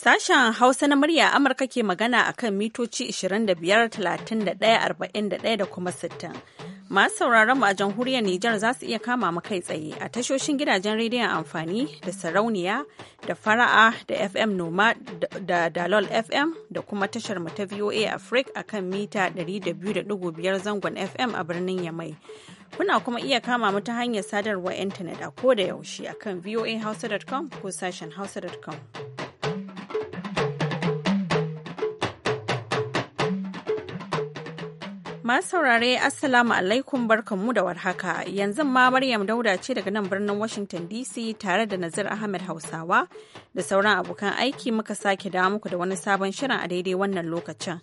Sashen Hausa na murya Amurka ke magana a kan mitoci 25,31,41 da kuma 60. Masu sauraron mu a jamhuriyar Nijar za su iya kama mu kai tsaye a tashoshin gidajen rediyon amfani da sarauniya da fara'a da FM Noma da Dalol FM da kuma tashar mu ta VOA Africa a kan mita 200.5 zangon FM a birnin Yamai. Kuna kuma iya kama mu ta hanyar sadarwa intanet a koda yaushe a kan voahausa.com ko sashen hausa.com. Masu saurare Assalamu alaikum barkanmu da warhaka yanzu ma Maryam Dauda ce daga nan birnin Washington DC tare da Nazir Ahmed Hausawa da sauran abokan aiki muka sake dawo muku da wani sabon shirin a daidai wannan lokacin.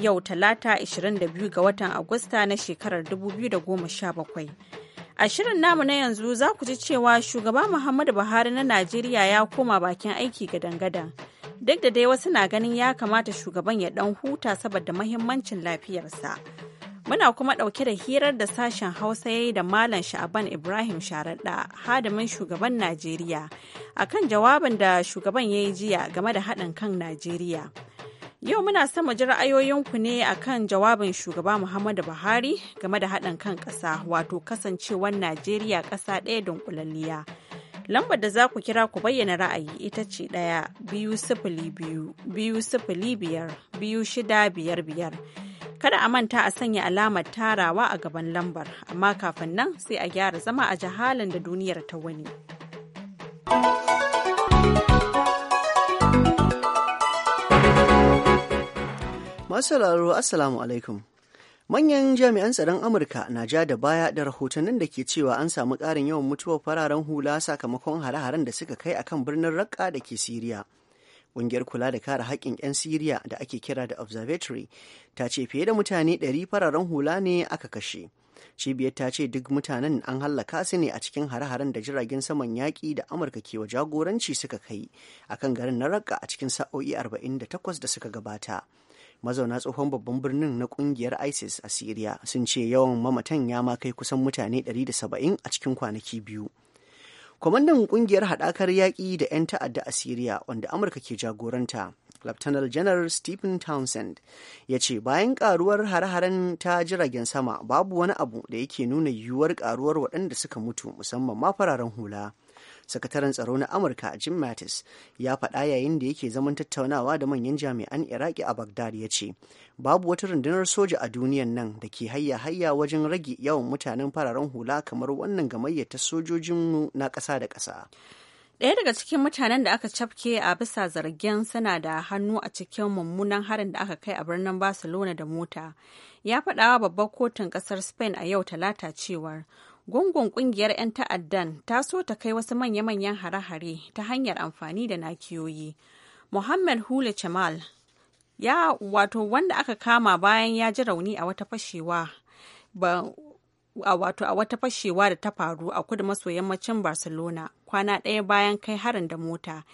Yau talata 22 ga watan Agusta na shekarar 2017. A shirin namu na yanzu za ku ji cewa shugaba Muhammadu Buhari na Najeriya ya koma bakin aiki gadan-gadan. Duk da dai wasu na ganin ya kamata shugaban ya ɗan huta saboda mahimmancin lafiyarsa. Muna kuma ɗauke da hirar da sashen Hausa ya yi da Malam Sha'aban Ibrahim Sharaɗa, hadimin shugaban Najeriya, akan jawabin da shugaban ya yi jiya game da haɗin kan Najeriya. Yau muna son mu ji ra'ayoyinku ne akan jawabin shugaba Muhammadu Buhari game da haɗin kan ƙasa wato kasancewar Najeriya ƙasa ɗaya dunkulalliya. Lambar da za ku kira ku bayyana ra'ayi ita ce ɗaya biyu sifili biyu biyu sifili biyar biyu shida biyar biyar. Kada a manta a sanya alamar tarawa a gaban lambar, amma kafin nan sai a gyara zama a jahalan da duniyar ta wani. Masu sauraro, Assalamu alaikum. Manyan jami'an tsaron Amurka na ja da baya da rahotannin da ke cewa an samu ƙarin yawan mutuwar fararen hula sakamakon hare-haren da suka kai akan birnin rakka da ke Siriya. Ƙungiyar kula da kare haƙƙin 'yan Siriya da ake kira da Observatory ta ce fiye da mutane 100 fararen hula ne aka kashe. Cibiyar ta ce duk mutanen an hallaka su ne a cikin hare-haren da jiragen saman yaƙi da Amurka ke wa jagoranci suka kai a kan garin na Raqqa a cikin sa'o'i 48 da suka gabata. Mazauna tsohon babban birnin na ƙungiyar ISIS a Siriya sun ce yawan mamatan ya ma kai kusan mutane 170 a cikin kwanaki biyu. kwamandan kungiyar haɗakar yaƙi da 'yan ta'adda a siriya wanda amurka ke jagoranta lieutenant Janar Stephen Townsend ya ce bayan karuwar hare-haren ta jiragen sama babu wani abu da yake nuna yiwuwar karuwar waɗanda suka mutu musamman ma fararen hula. sakataren tsaro na amurka jim mattis ya faɗa yayin da yake zaman tattaunawa da manyan jami'an iraki a bagdad ya ce babu wata rundunar soja a duniyan nan da ke hayya hayya wajen rage yawan mutanen fararen hula kamar wannan gamayyar ta sojojinmu na ƙasa da ƙasa Ɗaya daga cikin mutanen da aka cafke a bisa zargin suna da hannu a cikin mummunan harin da aka kai a birnin Barcelona da mota ya faɗawa babbar kotun ƙasar Spain a yau talata cewar gungun kungiyar 'yan ta'addan ta so ta kai wasu manya-manyan hare-hare ta hanyar amfani da nakiyoyi muhammad hule chamal ya wato wanda aka kama bayan ya ji rauni a wata fashewa a wato a wata fashewa da ta faru a kudu maso yammacin barcelona kwana ɗaya bayan kai harin da mota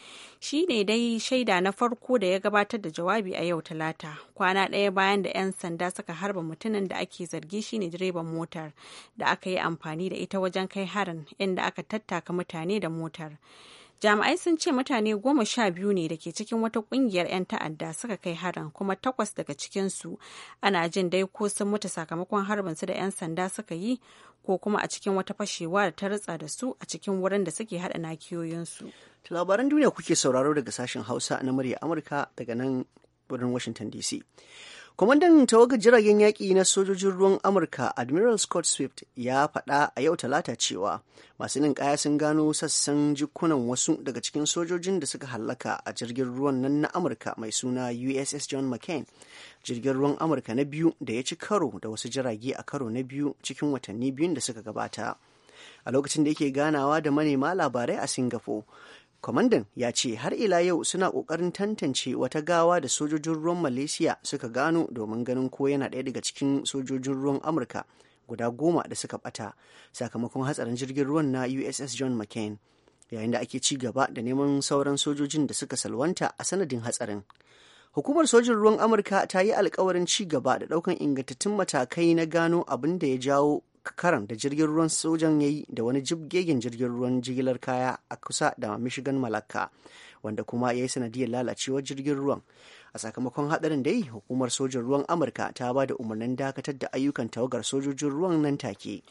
shi ne dai shaida na farko da ya gabatar da jawabi a yau talata kwana ɗaya bayan da 'yan sanda suka harba mutumin da ake zargi shine direban motar da aka yi amfani da ita wajen kai harin inda aka tattaka mutane da motar jami'ai sun ce mutane goma sha biyu ne da ke cikin wata kungiyar 'yan ta'adda suka kai harin kuma takwas daga cikinsu ana jin dai ko sun mutu sakamakon harbin su da 'yan sanda suka yi ko kuma a cikin wata fashewa da ta ritsa da su a cikin wurin da suke haɗa nakiyoyinsu. labaran duniya kuke sauraro daga sashen hausa na murya amurka daga nan birnin washington dc Kwamandan tawagar jiragen yaƙi na sojojin ruwan Amurka Admiral Scott Swift ya faɗa a yau talata cewa masu ninkaya sun gano sassan jikunan wasu daga cikin sojojin da suka hallaka a jirgin ruwan nan na Amurka mai suna USS John McCain. Jirgin ruwan Amurka na biyu da ya ci karo da wasu jirage a karo na biyu cikin watanni biyun da suka gabata. A lokacin da yake ganawa da manema labarai a Singapore, kwamandan ya ce har ila yau suna kokarin tantance wata gawa da sojojin ruwan malaysia suka gano domin ganin ko yana ɗaya daga cikin sojojin ruwan amurka guda goma da suka ɓata sakamakon hatsarin jirgin ruwan na uss john mccain yayin da ake ci gaba da neman sauran sojojin da suka salwanta a sanadin hatsarin hukumar sojin ruwan amurka ta yi alkawarin ci gaba da daukan ingantattun matakai na gano abin da ya jawo karan da jirgin ruwan sojan ya yi da wani jibgegen jirgin ruwan jigilar kaya a kusa da Michigan malaka wanda kuma ya yi sanadiyar lalacewar jirgin ruwan. A sakamakon hadarin da yi, hukumar sojin ruwan Amurka ta ba da umarnin dakatar da ayyukan tawagar sojojin ruwan nan take.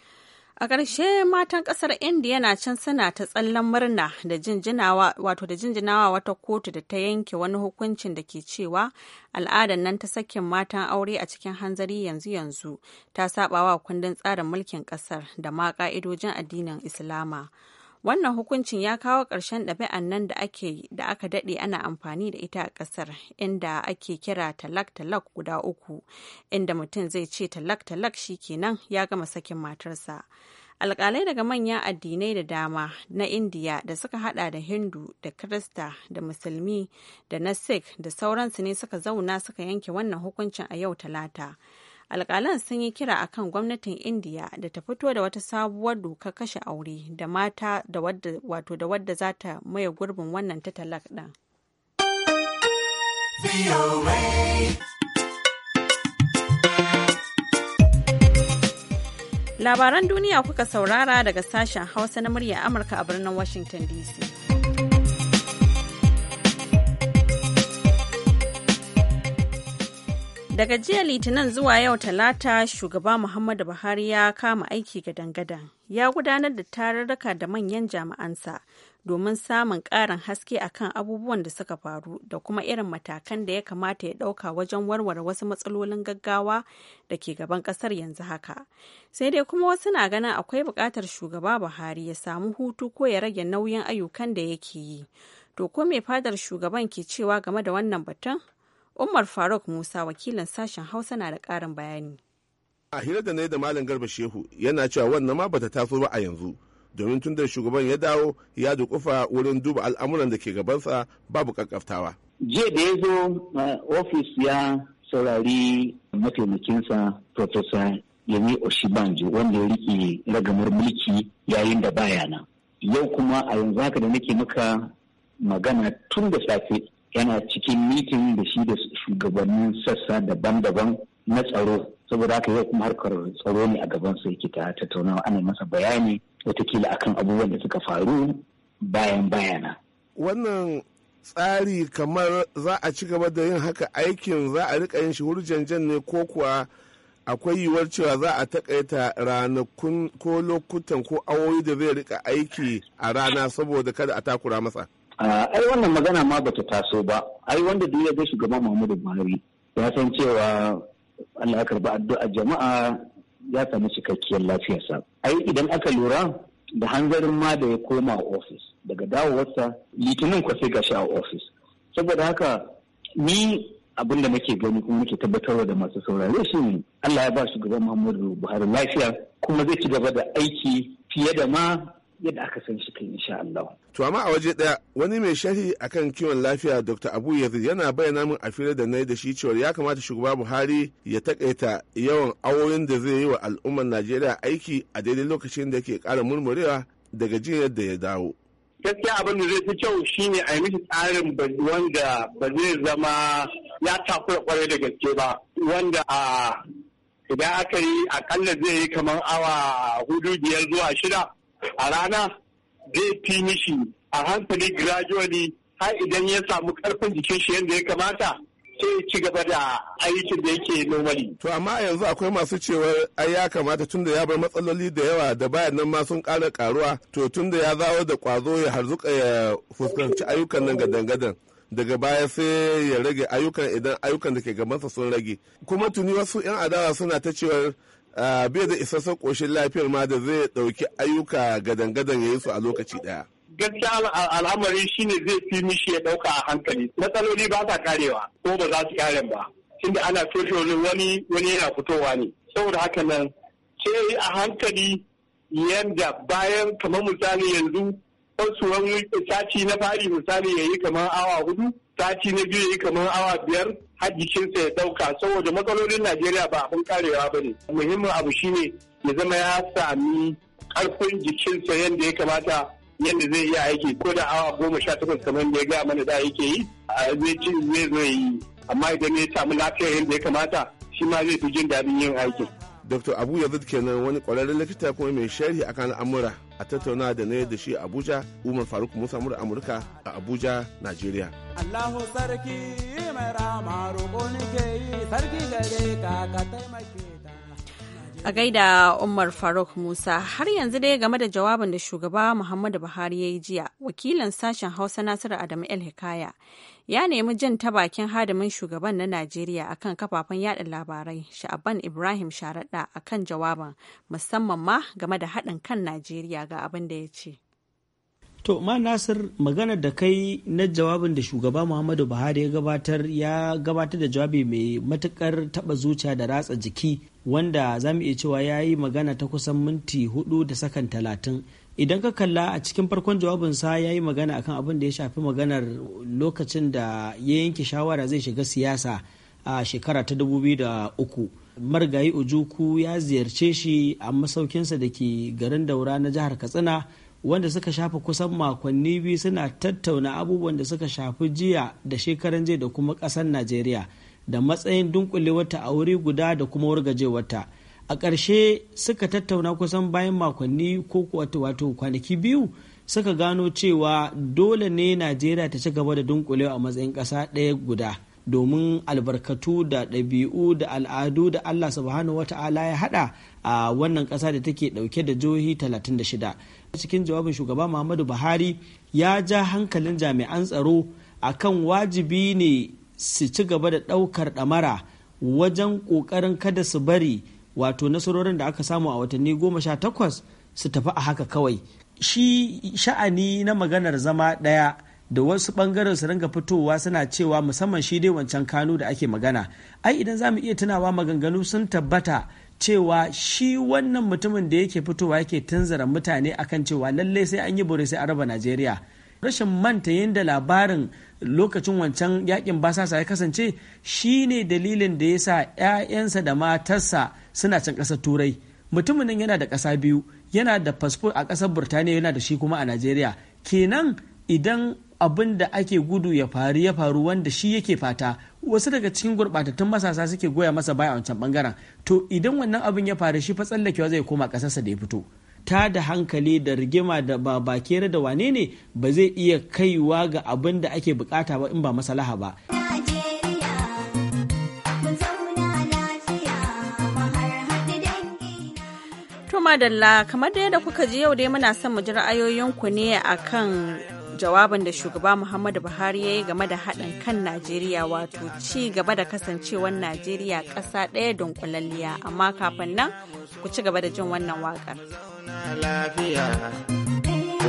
A ƙarshe matan ƙasar Indiya na can suna ta tsallan murna da jinjinawa wato da jinjinawa wata kotu da ta yanke wani hukuncin da ke cewa al'adar nan ta sakin matan aure a cikin hanzari yanzu yanzu ta sabawa kundin tsarin mulkin ƙasar da ma ƙa'idojin addinin Islama. wannan hukuncin ya kawo ƙarshen ɗabi'an nan da ake da aka daɗe ana amfani da ita a ƙasar inda ake kira talak-talak guda uku inda mutum zai ce talak-talak shi kenan ya gama sakin matarsa alkalai daga manyan addinai da dama na indiya da suka hada da hindu da kirista da musulmi da na sikh da sauransu ne suka zauna suka yanke wannan hukuncin a yau talata alkalan sun yi kira a kan gwamnatin indiya da ta fito da wata sabuwar doka kashe aure da mata wato da wadda za ta maye gurbin wannan ta talak ɗin. labaran duniya kuka saurara daga sashen hausa na murya amurka a birnin washington dc Daga jiya Litinin zuwa yau Talata, shugaba Muhammadu Buhari ya kama aiki gadan-gadan. Ya gudanar da tararraka da manyan jami'ansa domin samun ƙarin haske akan abubuwan da suka faru da kuma irin matakan da ya kamata ya ɗauka wajen warware wasu matsalolin gaggawa da ke gaban ƙasar yanzu haka. Sai dai kuma wasu na ganin akwai buƙatar shugaba Buhari ya samu hutu ko ya rage nauyin ayyukan da yake yi. To ko mai fadar shugaban ke cewa game da wannan batun? Umar Faruk Musa wakilin sashen Hausa na da ƙarin bayani. A hira da na da Malam Garba Shehu yana cewa wannan ma bata taso ba a yanzu. Domin tun da shugaban ya dawo ya dukufa wurin duba al'amuran da ke gabansa babu kakkaftawa. Jiya da ya zo eh, ofis ya saurari mataimakinsa Profesa Yemi Oshibanji wanda ya riƙe ragamar mulki yayin da baya na. Yau kuma a yanzu haka da nake maka magana tun da safe yana cikin mitin da shi da shugabannin sassa daban-daban na tsaro saboda haka yau kuma harkar tsaro ne a gaban su yake ta tattaunawa ana masa bayani watakila akan abubuwan da suka faru bayan bayana wannan tsari kamar za a ci gaba da yin haka aikin za a rika yin shi hurjanjan ne ko kuwa akwai yiwuwar cewa za a takaita ranakun ko lokutan ko awoyi da zai rika aiki a rana saboda kada a takura masa ai wannan magana ma bata taso ba ai wanda duk ya ga shugaban Muhammadu Buhari ya san cewa Allah ya karba addu'a jama'a ya samu cikakkiyar lafiyarsa ai idan aka lura da hanzarin ma da ya koma a ofis daga dawowarsa litinin kwa sai shi a ofis saboda haka ni abin da muke gani kuma muke tabbatarwa da masu saurare shi Allah ya ba shugaban Muhammadu Buhari lafiya kuma zai ci gaba da aiki fiye da ma yadda aka san shi kan insha Allah. To amma a waje daya wani mai sharhi akan kiwon lafiya Dr. Abu Yazid yana bayyana min a fira da na da shi cewa ya kamata shugaba Buhari ya takaita yawan awoyin da zai yi wa al'ummar Najeriya aiki a daidai lokacin da yake ƙara murmurewa daga jiyar da ya dawo. gaskiya abin da zai fi kyau shine a yi mishi tsarin wanda ba zai zama ya takura kwarai da gaske ba wanda a idan aka yi akalla zai yi kamar awa hudu biyar zuwa shida a rana zai fi mishi a hankali gradually har idan ya samu karfin jikin shi yadda ya kamata sai ci gaba da aikin da yake normally. To amma yanzu akwai masu cewar ai ya kamata tun da ya bar matsaloli da yawa da bayan nan ma sun ƙara karuwa to tun da ya zawo da kwazo ya harzuka ya fuskanci ayyukan nan gadan-gadan. daga baya sai ya rage ayyukan idan ayyukan da ke gabansa sun rage kuma tuni wasu 'yan adawa suna ta cewar bai da isassan koshin lafiyar ma da zai ɗauki ayyuka gadan-gadan ya yi su a lokaci daya gaskiya al'amari shine zai fi mishi ya ɗauka a hankali matsaloli ba sa karewa ko ba za su kare ba tunda ana fesholin wani wani yana fitowa ne saboda haka nan sai a hankali yadda bayan kamar misali yanzu wasu wani sati na fari misali ya yi kamar awa hudu sati na biyu kamar awa biyar har jikinsa ya dauka saboda matsalolin najeriya ba abin karewa ba ne muhimmin abu shine ya zama ya sami karfin jikinsa yadda ya kamata yadda zai iya aiki ko da awa goma sha takwas kamar da ya gaya mana da yake yi zai ci zai zo yi amma idan ya samu lafiyar yadda ya kamata shi ma zai fi jin daɗin yin aikin dr abu yazid kenan wani kwararren likita kuma mai sharhi akan al'amura a tattauna da na da shi abuja umar faruk musa mura amurka a abuja nigeria allahu sarki mai rama roƙo ke yi sarki gare ka ka taimake A gaida Umar Faruk Musa har yanzu dai game da jawabin da shugaba Muhammadu Buhari ya yi jiya, wakilin sashen Hausa Nasiru Adamu El Hikaya ya nemi jin ta bakin hadimin shugaban na Najeriya akan kafafen yada labarai Sha'aban Ibrahim Sharaɗa akan jawaban musamman ma game da haɗin kan Najeriya ga abin da ya ce. To ma Nasir magana da kai na jawabin da shugaba Muhammadu Buhari ya gabatar ya gabatar da jawabi mai matukar taba zuciya da ratsa jiki wanda za mu iya cewa ya yi magana ta kusan minti hudu da sakan talatin. Idan ka kalla a cikin farkon jawabinsa ya yi magana akan abin da ya shafi maganar lokacin da ya yanke shawara zai shiga siyasa a shekara ta dubu biyu da uku margayi Ujuku ya ziyarce shi a masaukinsa da ke garin Daura na jihar Katsina wanda suka shafa kusan makonni biyu suna tattauna abubuwan da suka shafi jiya da shekaran jiya da kuma ƙasar najeriya da matsayin dunkulewarta a wuri guda da kuma wargajewarta a ƙarshe suka tattauna kusan bayan makonni ko wato kwanaki biyu suka gano cewa dole ne najeriya ta ci gaba da dunkulewa a matsayin ƙasa ɗaya guda domin albarkatu da ɗabi'u da al'adu da Allah subhanahu wa ta'ala ya haɗa a wannan ƙasa da take ɗauke da jihohi 36 cikin jawabin shugaba muhammadu buhari ya ja hankalin jami'an tsaro a kan wajibi ne su ci gaba da ɗaukar ɗamara wajen ƙoƙarin kada su bari wato nasarorin da aka samu a watanni goma sha takwas su tafi a haka kawai shi sha'ani na maganar zama ɗaya da wasu ɓangaren su ringa fitowa suna cewa musamman shi dai wancan kano da ake magana ai idan za mu iya tunawa maganganu sun tabbata cewa shi wannan mutumin da yake fitowa yake tunzara mutane akan cewa lallai sai an yi bore sai a raba najeriya rashin manta yadda labarin lokacin wancan yakin basasa ya kasance shi ne dalilin da ya sa 'ya'yansa da matarsa suna can ƙasar turai mutumin nan yana da ƙasa biyu yana da fasfo a ƙasar burtaniya yana da shi kuma a najeriya kenan idan abin da ake gudu ya faru ya faru wanda shi yake fata wasu daga cikin gurɓatattun masasa suke goya masa baya a wancan bangaren to idan wannan abin ya faru shi fa tsallakewa zai koma ƙasarsa da ya fito ta da hankali da rigima da ba bakere da wane ne ba zai iya kaiwa ga abin da ake bukata ba in ba masalaha ba madalla kamar da yadda kuka ji yau dai muna son mu ji ra'ayoyinku ne akan jawabin da shugaba Muhammadu Buhari ya yi game da haɗin kan Najeriya wato ci gaba da kasancewar Najeriya ƙasa ɗaya dunkulalliya amma kafin nan ku ci gaba da jin wannan waƙar.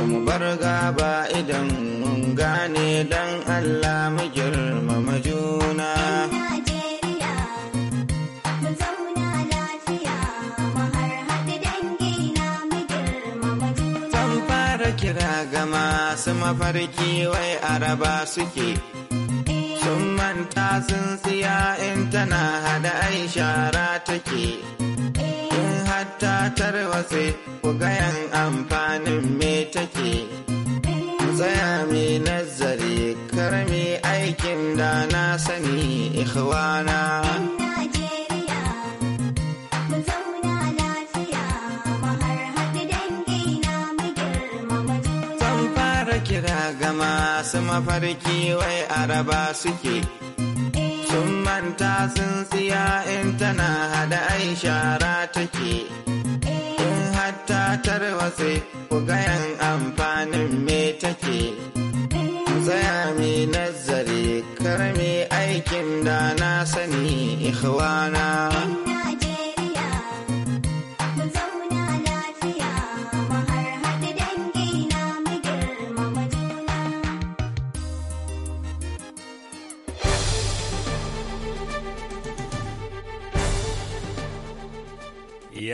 mu bar gaba idan mun gane dan Allah kira gama su mafarki wai araba suke sun manta sun siya in tana hada ai shara take in hatta tarwatse ku gayan amfanin me take tsaya mai nazari karmi aikin da na sani ikhwana. mafarki wai araba suke sun manta sun siya in tana hada ai shara take in hatta tarwatse ku gayan amfanin me take tsaya mai nazari karmi aikin da na sani ikhwana.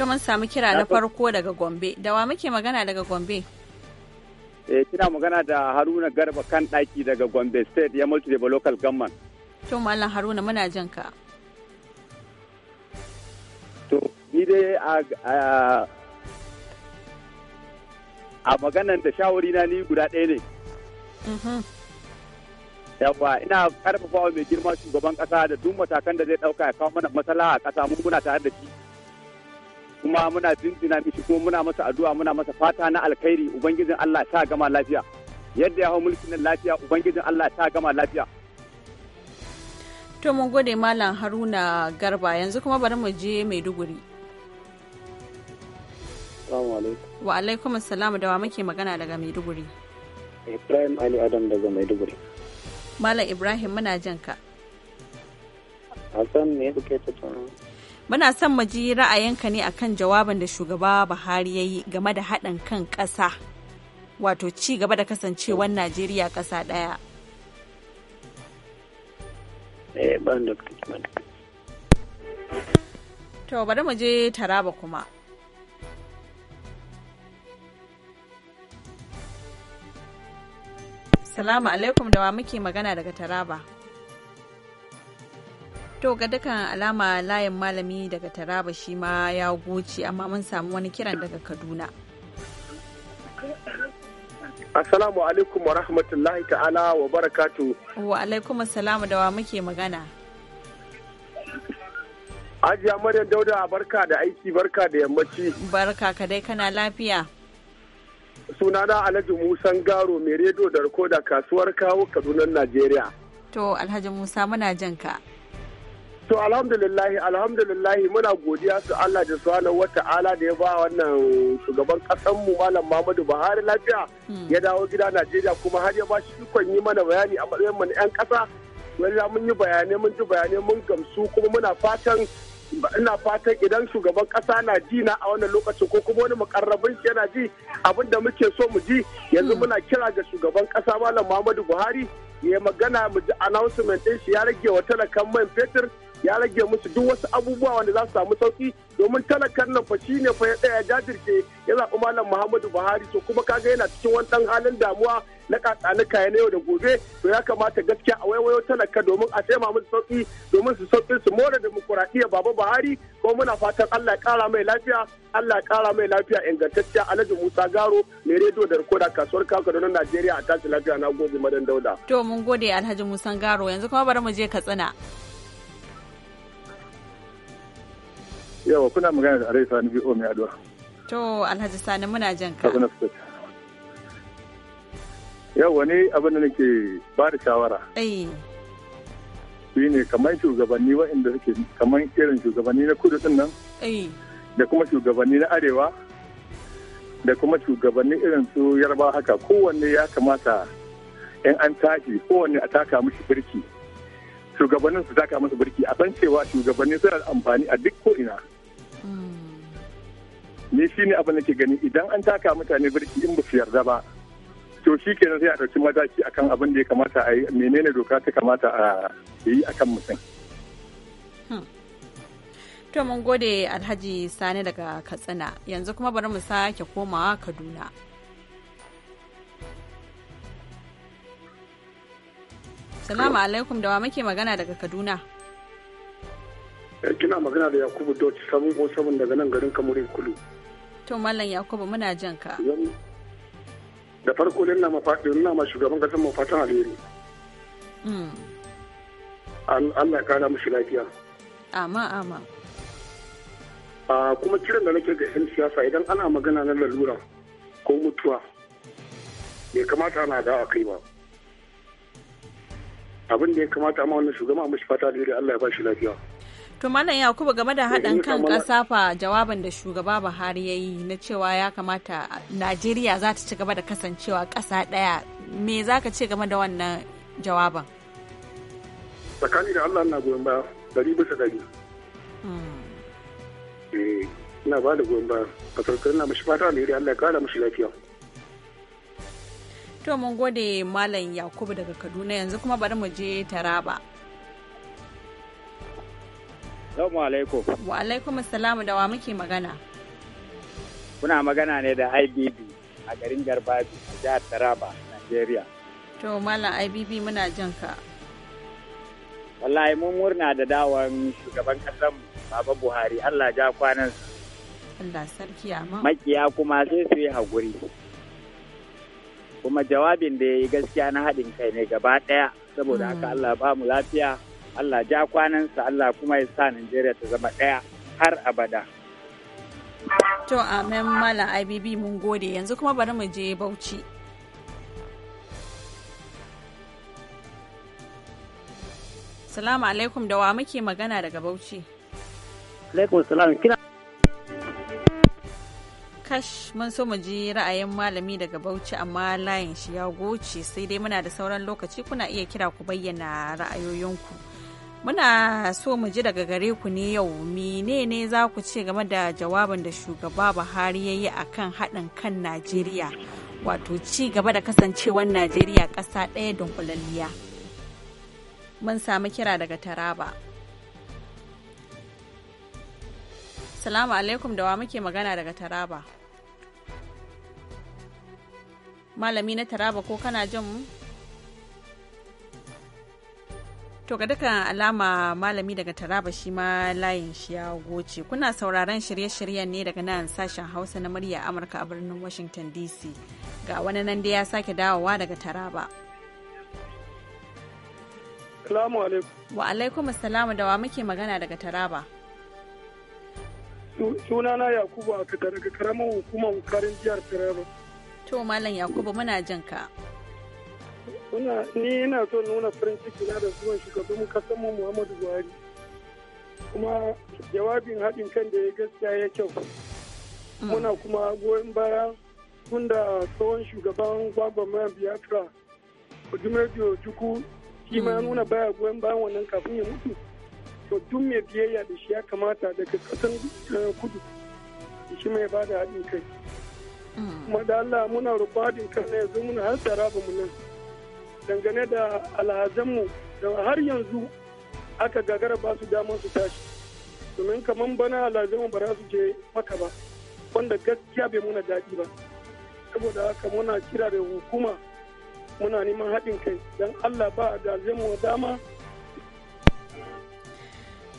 To mun samu kira na farko daga Gombe. Da wa muke magana daga Gombe? Eh kina magana da Haruna Garba kan ɗaki daga Gombe State ya multi da local government. To Mallam Haruna muna jin ka. To ni dai a a maganan da shawari na ni guda ɗaya ne. Mhm. yawa ina karfafa mai girma shugaban kasa da duk matakan da zai dauka ya kawo mana matsala a kasa mun muna tare da shi kuma muna jinjina mishi kuma muna masa addu'a muna masa fata na alkhairi ubangijin Allah ta gama lafiya yadda ya hau mulkin lafiya ubangijin Allah ta gama lafiya to mun gode malam Haruna Garba yanzu kuma bari mu je Maiduguri wa alaikum assalamu da wa muke magana daga Maiduguri Ibrahim Ali Adam daga Maiduguri Malam Ibrahim muna jinka Hassan ne kuke tattauna Muna son mu ji ra'ayinka ne akan jawabin da shugaba Buhari ya yi game da haɗin kan ƙasa, wato ci gaba da kasancewar Najeriya ƙasa ɗaya. Eh, to bari mu je Taraba kuma. Salamu alaikum da wa muke magana daga Taraba. To ga dukkan alama layin malami daga Taraba shi ma ya goce amma mun samu wani kiran daga Kaduna. Assalamu alaikum wa rahmatullahi ta'ala wa barakatu. Wa alaikum assalamu da wa muke magana. Ajiya Maryam Dauda barka da aiki barka da yammaci. Barka ka dai kana lafiya. Sunana Alhaji Musan Garo mai rediyo da rikoda kasuwar kawo Kaduna Najeriya. To Alhaji Musa muna jan ka. To alhamdulillahi alhamdulillahi muna godiya su Allah da subhanahu wata'ala da ya ba wannan shugaban kasan mu Malam Muhammadu Buhari lafiya hmm. ya dawo gida Najeriya kuma har ya ba shi ikon yi mana bayani a matsayin mu na 'yan kasa wanda mun yi bayanai mun ji bayanai mun gamsu kuma muna fatan ina fatan idan shugaban kasa na ji na a wannan lokacin ko kuma wani mukarrabin shi yana ji abin da muke so mu ji yanzu hmm. muna kira ga shugaban kasa malam Muhammadu Buhari ya magana mu ji announcement din shi ya rage wa talakan man fetur ya rage musu duk wasu abubuwa wanda za su samu sauki domin talakar nan fa shi ne fa ya tsaya jajirce ya zaɓi malam muhammadu buhari to kuma kaga yana cikin wani ɗan halin damuwa na katsanuka na yau da gobe to ya kamata gaskiya a waiwayo talaka domin a tsaya musu sauki domin su sauki su more demokuraɗiyya baba buhari ko muna fatan allah ya ƙara mai lafiya allah ya ƙara mai lafiya ingantacciya alhaji musa garo mai rediyo da rikoda kasuwar kaka na najeriya a tashi lafiya na gobe madan dauda. to mun gode alhaji musa garo yanzu kuma bari mu je katsina. yawa kuna magana da arai sani biyu mai aduwa. to alhaji sani muna jan ka yawa ne abin da nake ba da shawara shi ne kamar shugabanni waɗanda suke kamar irin shugabanni na kudu din nan da kuma shugabanni na arewa da kuma shugabanni irin su yarba haka kowanne ya kamata in an tashi kowanne a taka mishi birki shugabannin su taka masa birki a san cewa shugabanni suna amfani a duk ko ina Hmm. ni shi ne abin da ke gani idan an taka mutane birki in ba su yarda ba to shi kenan sai a ɗauki mataki akan abin da ya kamata a yi menene doka ta kamata a yi akan mutum hmm. to mun gode alhaji sani daga katsina yanzu kuma bari mu sake komawa kaduna salamu alaikum da wa muke magana daga kaduna Eh, kina magana da yakubu dot 707 daga nan garin kamurin kulu to mallam yakubu muna jan ka da farko na mafaɗi na ma shugaban kasar mafatan alheri mm. Allah ya kara mushi lafiya amma amma a kuma kiran da nake ga 'yan siyasa idan ana magana na lalura ko mutuwa bai kamata ana da a kai ba abin da ya kamata ma wannan shugaba mashi fata alheri Allah ya ba shi lafiya To Malam Yakubu game da haɗin eh, eh, kan ƙasa fa jawaban da shugaba Buhari ya yi na cewa ya kamata Najeriya za ta ci gaba da kasancewa ƙasa ɗaya. Me za ka ce game da wannan jawaban? Tsakani da Allah na goyon ba dari bisa dari. Hmm. Eh, ina ba da goyon ba a sarkar na mashi fata alheri Allah ya kara mashi lafiya. To mun gode Malam Yakubu daga Kaduna yanzu kuma bari mu je Taraba. Salamu alaikum. Wa alaikum magana. Kuna magana ne da IBB a garin Garbabi a jihar Taraba, Nigeria. To Malam IBB muna jin ka. Wallahi mun murna da dawon shugaban ƙasar Baba Buhari Allah ja kwanan Allah sarki ma. Makiya kuma sai su yi haƙuri. Kuma jawabin da ya yi gaskiya na haɗin kai ne gaba ɗaya saboda haka mm. Allah ba mu lafiya. Allah ja kwanansa Allah kuma ya sa Najeriya ta zama ɗaya har abada. To amen mala IBB mun gode yanzu kuma bari mu je Bauchi. Salamu alaikum da wa muke magana daga Bauchi. Alaikum salam kina Kash mun so mu ji ra'ayin malami daga Bauchi amma layin shi ya goce sai dai muna da sauran lokaci kuna iya kira ku bayyana ra'ayoyinku. Muna so mu ji daga gare ku ne yau menene za ku ce game da jawabin da shugaba Buhari ya yi a kan haɗin kan Najeriya wato ci gaba da kasancewar Najeriya ƙasa ɗaya dunkulalliya. Mun sami kira daga Taraba. Salamu alaikum da wa muke magana daga Taraba. Malami na Taraba ko kana jin mu? To ga dukkan alama malami daga Taraba shi ma layin shi ya goce. Kuna sauraron shirye-shiryen ne daga nan sashen Hausa na murya Amurka a birnin Washington DC. Ga wani nan da ya sake dawowa daga Taraba. Salamu alaikum. Wa alaikum assalamu da wa muke magana daga Taraba. Sunana Yakubu a karamin hukumar karin jihar Taraba. To Malam Yakubu muna jin ka. ni ina so nuna farin ciki na da zuwan shugaban kasar mu Muhammadu Buhari kuma jawabin haɗin kan da ya gaskiya ya kyau muna kuma goyon baya da tsohon shugaban gwagwarmayar biafra odumedio juku shi ma hmm. nuna baya goyon bayan wannan kafin ya mutu to duk mai biyayya da shi ya kamata daga kasan eh, kudu shi mai bada haɗin kai hmm. kuma da allah muna rubadin kan na yanzu muna har tsara ba mu nan dangane da alhazanmu da har yanzu aka gagara ba su damar su tashi domin kamar bana alhazanmu ba za su je maka ba wanda gaskiya bai muna daɗi ba saboda haka muna kira da hukuma muna neman haɗin kai don allah ba alhazanmu dama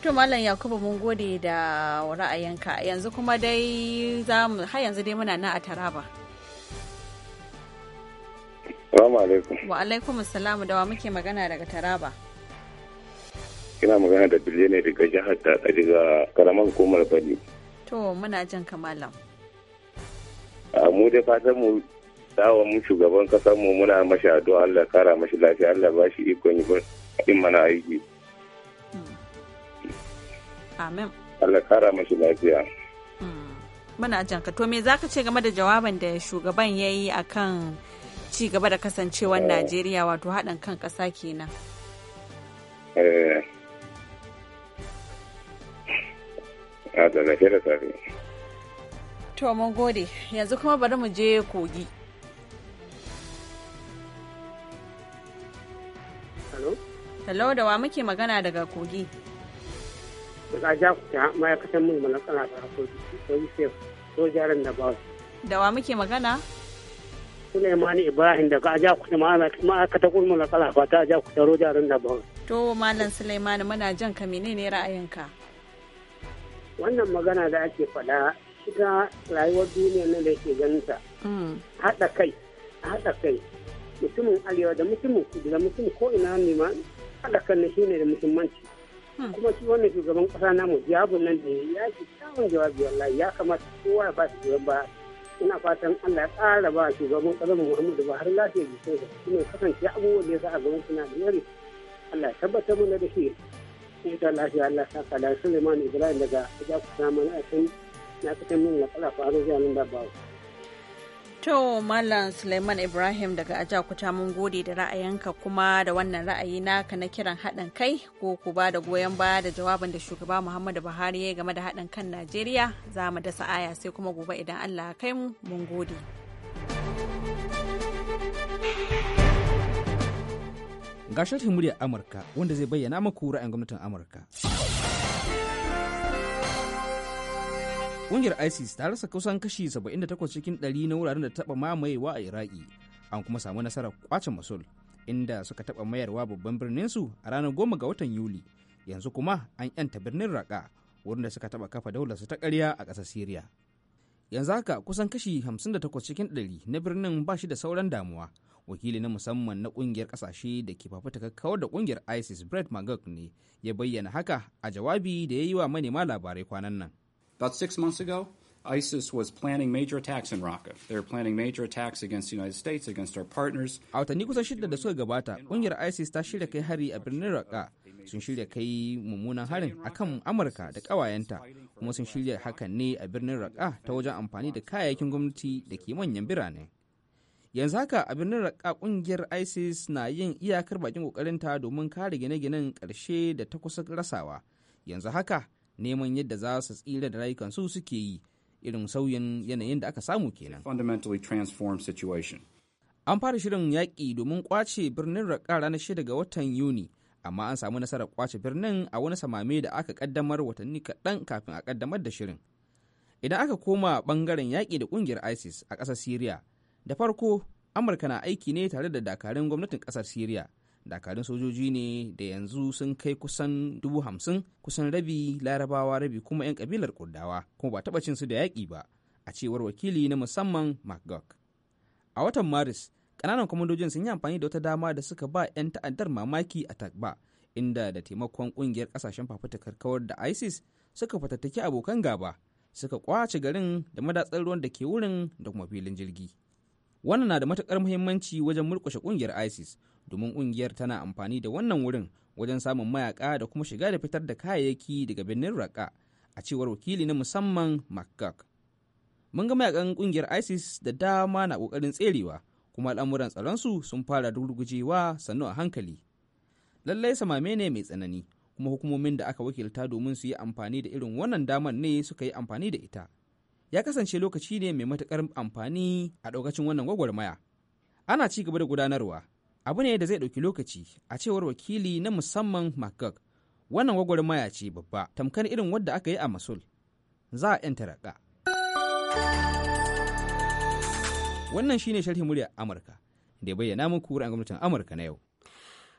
To Malam Yakubu mun gode da ra'ayinka yanzu kuma dai za mu har yanzu dai muna nan a Taraba. Assalamu alaikum. Wa alaikum assalamu da wa muke magana daga Taraba. Kina magana da Bilye ne daga jihar ta daga karamar komar Bani. To muna jin kamalan. A mu da fatan mu dawo mu shugaban kasar mu muna mashi addu'a Allah kara mashi lafiya Allah ba shi ikon yi mana aiki. Hmm. Amin. Allah kara mashi lafiya. Hmm. Muna jan ka to me zaka ce game da jawaban da shugaban ya yi akan ci gaba da kasancewar Najeriya wato haɗin kan ƙasa kenan. Eh, A da da To mun gode yanzu kuma bari mu je kogi. Hello da wa muke magana daga kogi. Daga jakuta ma'aikatan mun malakana da kogi, kogi sai jarin da ba Da wa muke magana? Suleimani Ibrahim daga aja kuta ma'aikata kala kalafa ta aja kuta rojarin da bawa. To Malam Suleimani muna jan ka ne ra'ayinka? Wannan magana da ake faɗa shiga rayuwar duniya na da ke ganta. Hmm. Haɗa kai, haɗa kai. Mutumin arewa da mutumin kudu da mutum ko ina ne ma haɗa kan shi ne da muhimmanci. Hmm. kuma shi wannan shugaban kasa namu jawabin nan da ya ce kyawun jawabi wallahi ya kamata kowa ya ba su ba ina fatan Allah ya tsara ba shugaban ƙasar Muhammadu Buhari lafiya jikin sa kuma kasance abubuwan da ya sa a gaban suna da yare Allah ya tabbatar mana da shi ta lafiya Allah ya saka da Suleiman Ibrahim daga ya kusa mana a na kasan min na kala faru ya nan da bawo To Malam Suleiman Ibrahim daga Ajakuta mun gode da ra'ayinka kuma da wannan ra'ayi naka na kiran haɗin kai ko ku ba da goyon baya da jawabin da shugaba Muhammadu Buhari ya game da haɗin kan Najeriya za mu dasa aya sai kuma gobe idan Allah ya kai mu mun gode. Ga shirin murya Amurka wanda zai bayyana muku ra'ayin gwamnatin Amurka. Ƙungiyar ISIS ta rasa kusan kashi 78 cikin 100 na wuraren da taba mamayewa a Iraki, an kuma samu nasarar kwace Mosul, inda suka taɓa mayarwa babban birninsu a ranar 10 ga watan Yuli. Yanzu kuma an yanta birnin raka, wurin da suka taɓa kafa daular su ta karya a ƙasar Syria. Yanzu haka kusan kashi 58 cikin 100 na birnin ba shi da sauran damuwa. wakili na musamman na ƙungiyar kasashe da ke fafutuka kawar da kungiyar isis brett magog ne ya bayyana haka a jawabi da ya yi wa manema labarai kwanan nan About six months ago, ISIS was planning major attacks in Raqqa. They were planning major attacks against the United States, against our partners. A watanni kusan shida da suka gabata, kungiyar ISIS ta shirya kai hari a birnin Raqqa. Sun shirya kai mummunan harin a kan Amurka da kawayenta kuma sun shirya hakan ne a birnin Raqqa ta wajen amfani da kayayyakin gwamnati da ke manyan birane. Yanzu haka a birnin Raqqa kungiyar ISIS na yin iyakar bakin kokarinta domin kare gine-ginen karshe da ta kusa rasawa. Yanzu haka neman yadda za su tsira da rayukansu suke yi irin sauyin yanayin da aka samu kenan. An fara shirin yaƙi domin kwace birnin raƙa ranar shida ga watan Yuni, amma an samu nasarar kwace birnin a wani samame da aka ƙaddamar watanni kaɗan kafin a ƙaddamar da shirin. Idan aka koma ɓangaren yaƙi da ƙungiyar ISIS a ƙasar Siriya, da farko Amurka na aiki ne tare da dakarun gwamnatin ƙasar Siriya. dakarun sojoji ne da yanzu sun kai kusan dubu hamsin kusan rabi larabawa rabi kuma 'yan kabilar kurdawa kuma ba taba cin su da yaƙi ba a cewar wakili na musamman macgog a watan maris ƙananan kwamandojin sun yi amfani da wata dama da suka ba 'yan ta'addar mamaki a takba inda da taimakon ƙungiyar ƙasashen fafutukar kawar da isis suka fatattaki abokan gaba suka kwace garin da madatsar ruwan da ke wurin da kuma filin jirgi wannan na da matukar muhimmanci wajen murkushe ƙungiyar isis domin ƙungiyar tana amfani da wannan wurin wajen samun mayaka da kuma shiga da fitar da kayayyaki daga birnin raka a cewar wakili na musamman mcgurk mun ga mayakan ƙungiyar isis da dama na ƙoƙarin tserewa kuma al'amuran tsaronsu sun fara rugujewa sannu a hankali lallai samame ne mai tsanani kuma hukumomin da aka wakilta domin su yi amfani da irin wannan damar ne suka yi amfani da ita ya kasance lokaci ne mai matuƙar amfani a ɗaukacin wannan gwagwarmaya ana ci gaba da gudanarwa abu ne da zai ɗauki lokaci a cewar wakili na musamman McGurk wannan gwagwarmaya ce babba tamkar irin wadda aka yi a masul za a 'yanta raka. wannan shine sharhin murya amurka da bayyana muku ra'ayin gwamnatin amurka na yau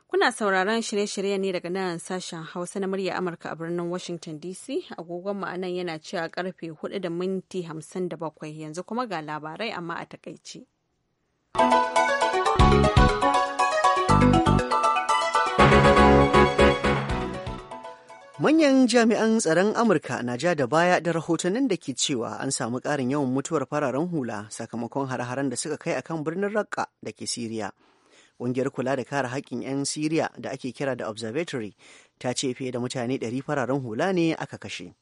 kuna sauraron shirye-shirye ne daga nan sashen hausa na murya amurka a birnin washington dc agogon mu yana cewa karfe 4 da minti 57 yanzu kuma ga labarai amma a takaice Manyan jami'an tsaron Amurka na ja da baya da rahotannin da ke cewa an samu ƙarin yawan mutuwar fararen hula sakamakon har-haren da suka kai akan birnin Raqqa da ke Siriya. Ƙungiyar kula da kare haƙƙin 'yan Siriya da ake kira da Observatory ta ce fiye da mutane 100 fararen hula ne aka kashe.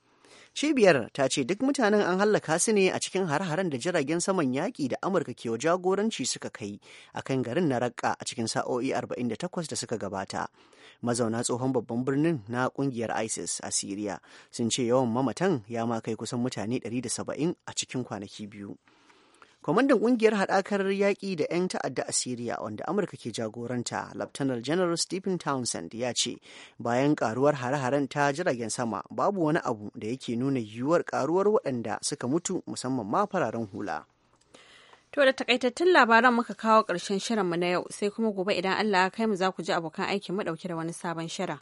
Cibiyar ta ce duk mutanen an hallaka su ne a cikin har-haren da jiragen saman yaƙi da Amurka ke jagoranci suka kai a kan garin na rakka a cikin sa'o'i 48 da suka gabata. Mazauna tsohon babban birnin na ƙungiyar ISIS a Syria sun ce yawan mamatan ya ma kai kusan mutane 170 a cikin kwanaki biyu. kwamandan kungiyar haɗakar yaƙi da 'yan ta'adda a syria wanda amurka ke jagoranta lieutenant general stephen townsend ya ce bayan karuwar hare-haren ta jiragen sama babu wani abu da yake nuna yiwuwar karuwar waɗanda suka mutu musamman ma fararen hula To da takaitattun labaran muka kawo ƙarshen shirinmu na yau sai kuma gobe idan Allah ya kai mu za ku ji abokan aikin mu ɗauke da wani sabon shirin.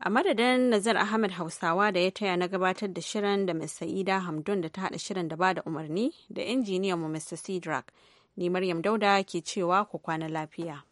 a madadin nazar ahmed hausawa da ya taya na gabatar da shirin da mr Sa'ida hamdun da ta haɗa shirin da ba da umarni da injiniyan injiniyanmu mr sidrak ne maryam dauda ke cewa ku kwana lafiya